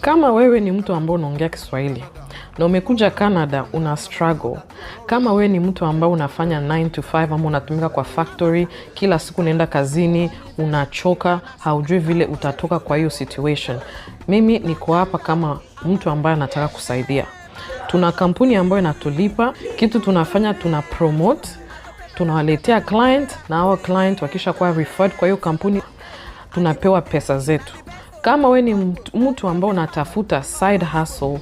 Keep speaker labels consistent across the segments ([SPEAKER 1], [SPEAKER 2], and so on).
[SPEAKER 1] Kama wewe ni mtu ambao unaongea Kiswahili na umekuja Canada una struggle. Kama wewe ni mtu ambao unafanya 9 to 5 ama unatumika kwa factory, kila siku unaenda kazini, unachoka, haujui vile utatoka kwa hiyo situation. Mimi niko hapa kama mtu ambaye anataka kusaidia. Tuna kampuni ambayo inatulipa kitu, tunafanya tuna promote, tunawaletea client na hawa client wakisha kuwa referred kwa hiyo kampuni tunapewa pesa zetu. Kama we ni mtu ambaye unatafuta side hustle,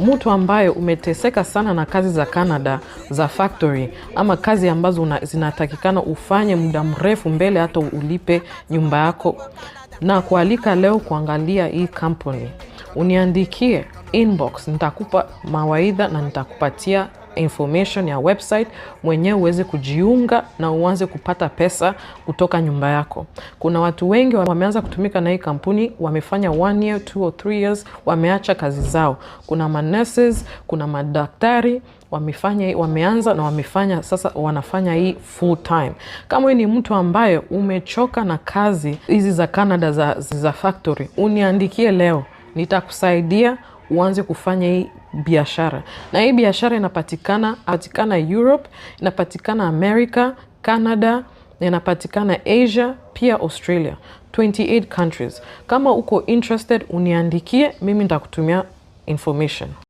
[SPEAKER 1] mtu ambaye umeteseka sana na kazi za Canada za factory ama kazi ambazo una, zinatakikana ufanye muda mrefu mbele hata ulipe nyumba yako, na kualika leo kuangalia hii kampuni, uniandikie inbox, nitakupa mawaidha na nitakupatia information ya website mwenyewe uweze kujiunga na uanze kupata pesa kutoka nyumba yako. Kuna watu wengi wameanza kutumika na hii kampuni, wamefanya one year, two or three years, wameacha kazi zao. Kuna manurses, kuna madaktari wamefanya wameanza na wamefanya sasa, wanafanya hii full time. Kama ni mtu ambaye umechoka na kazi hizi za Canada za, za factory, uniandikie leo, nitakusaidia uanze kufanya hii biashara, na hii biashara inapatikana patikana Europe, inapatikana America, Canada, inapatikana Asia pia Australia, 28 countries. Kama uko interested, uniandikie, mimi nitakutumia information.